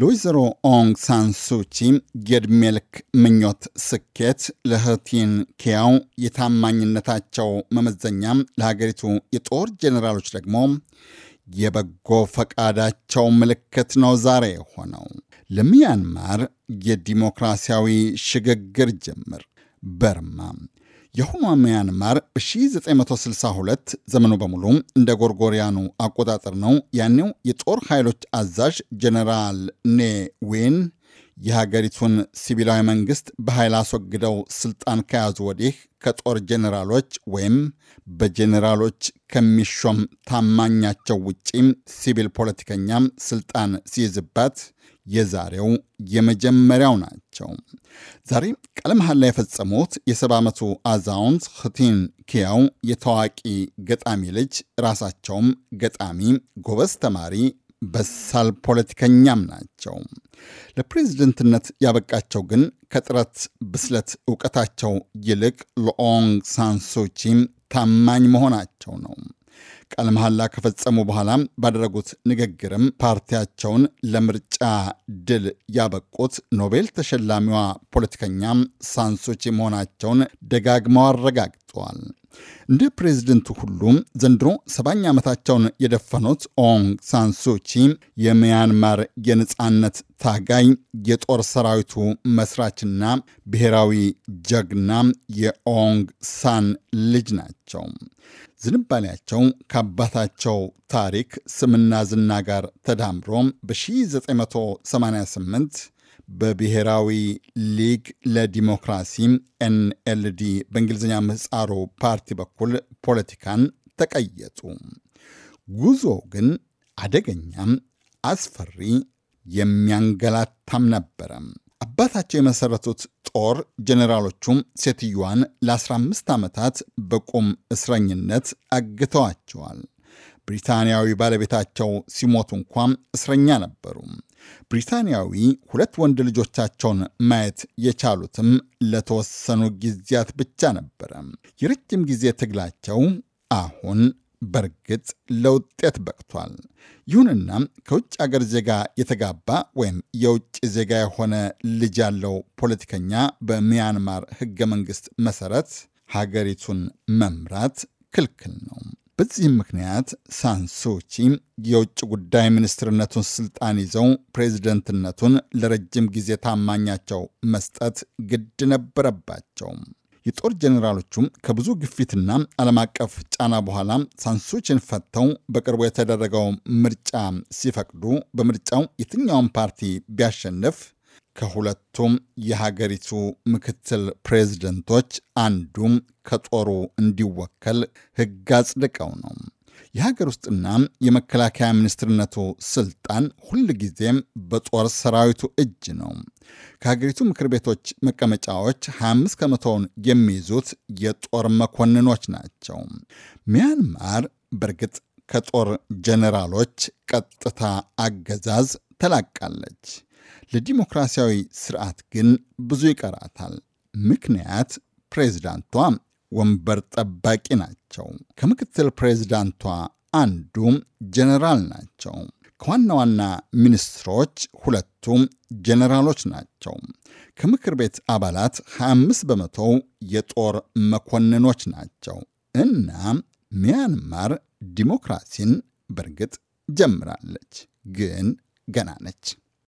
ለወይዘሮ ኦንግ ሳንሱቺ የዕድሜ ልክ ምኞት ስኬት፣ ለህቲን ኪያው የታማኝነታቸው መመዘኛም፣ ለሀገሪቱ የጦር ጄኔራሎች ደግሞ የበጎ ፈቃዳቸው ምልክት ነው ዛሬ የሆነው ለሚያንማር የዲሞክራሲያዊ ሽግግር ጅምር በርማ የሁማሚያን ማር በ1962 ዘመኑ በሙሉ እንደ ጎርጎሪያኑ አቆጣጠር ነው። ያኔው የጦር ኃይሎች አዛዥ ጀኔራል ኔ ዌን የሀገሪቱን ሲቪላዊ መንግስት በኃይል አስወግደው ስልጣን ከያዙ ወዲህ ከጦር ጄኔራሎች ወይም በጄኔራሎች ከሚሾም ታማኛቸው ውጪም ሲቪል ፖለቲከኛም ስልጣን ሲይዝባት የዛሬው የመጀመሪያው ናቸው። ናቸው። ዛሬ ቃለ መሐላ የፈጸሙት የሰባ ዓመቱ አዛውንት ኽቲን ኪያው የታዋቂ ገጣሚ ልጅ ራሳቸውም ገጣሚ፣ ጎበዝ ተማሪ በሳል ፖለቲከኛም ናቸው። ለፕሬዝደንትነት ያበቃቸው ግን ከጥረት ብስለት እውቀታቸው ይልቅ ለኦንግ ሳንሱቺ ታማኝ መሆናቸው ነው። ቃለ መሐላ ከፈጸሙ በኋላ ባደረጉት ንግግርም ፓርቲያቸውን ለምርጫ ድል ያበቁት ኖቤል ተሸላሚዋ ፖለቲከኛ ሳንሱቺ መሆናቸውን ደጋግመው አረጋግጠዋል። እንደ ፕሬዝደንቱ ሁሉም ዘንድሮ ሰባኛ ዓመታቸውን የደፈኑት ኦንግ ሳንሱቺ የሚያንማር የነፃነት ታጋይ የጦር ሰራዊቱ መስራችና ብሔራዊ ጀግና የኦንግ ሳን ልጅ ናቸው። ዝንባሌያቸው ከአባታቸው ታሪክ ስምና ዝና ጋር ተዳምሮ በ1988 በብሔራዊ ሊግ ለዲሞክራሲ ኤንኤልዲ በእንግሊዝኛ ምህፃሩ ፓርቲ በኩል ፖለቲካን ተቀየጡ። ጉዞ ግን አደገኛም፣ አስፈሪ፣ የሚያንገላታም ነበረ። አባታቸው የመሠረቱት ጦር ጀኔራሎቹም ሴትዮዋን ለ15 ዓመታት በቁም እስረኝነት አግተዋቸዋል። ብሪታንያዊ ባለቤታቸው ሲሞቱ እንኳም እስረኛ ነበሩ። ብሪታንያዊ ሁለት ወንድ ልጆቻቸውን ማየት የቻሉትም ለተወሰኑ ጊዜያት ብቻ ነበረ። የረጅም ጊዜ ትግላቸው አሁን በእርግጥ ለውጤት በቅቷል። ይሁንና ከውጭ አገር ዜጋ የተጋባ ወይም የውጭ ዜጋ የሆነ ልጅ ያለው ፖለቲከኛ በሚያንማር ሕገ መንግሥት መሠረት ሀገሪቱን መምራት ክልክል ነው። በዚህም ምክንያት ሳንሱቺ የውጭ ጉዳይ ሚኒስትርነቱን ስልጣን ይዘው ፕሬዝደንትነቱን ለረጅም ጊዜ ታማኛቸው መስጠት ግድ ነበረባቸው። የጦር ጀኔራሎቹም ከብዙ ግፊትና ዓለም አቀፍ ጫና በኋላ ሳንሱቺን ፈተው በቅርቡ የተደረገው ምርጫ ሲፈቅዱ በምርጫው የትኛውን ፓርቲ ቢያሸንፍ ከሁለቱም የሀገሪቱ ምክትል ፕሬዝደንቶች አንዱም ከጦሩ እንዲወከል ሕግ አጽድቀው ነው። የሀገር ውስጥና የመከላከያ ሚኒስትርነቱ ስልጣን ሁል ጊዜም በጦር ሰራዊቱ እጅ ነው። ከሀገሪቱ ምክር ቤቶች መቀመጫዎች 25 ከመቶውን የሚይዙት የጦር መኮንኖች ናቸው። ሚያንማር በእርግጥ ከጦር ጀኔራሎች ቀጥታ አገዛዝ ተላቃለች። ለዲሞክራሲያዊ ስርዓት ግን ብዙ ይቀራታል። ምክንያት ፕሬዝዳንቷ ወንበር ጠባቂ ናቸው። ከምክትል ፕሬዝዳንቷ አንዱ ጀነራል ናቸው። ከዋና ዋና ሚኒስትሮች ሁለቱም ጀነራሎች ናቸው። ከምክር ቤት አባላት 25 በመቶው የጦር መኮንኖች ናቸው። እና ሚያንማር ዲሞክራሲን በእርግጥ ጀምራለች፣ ግን ገና ነች።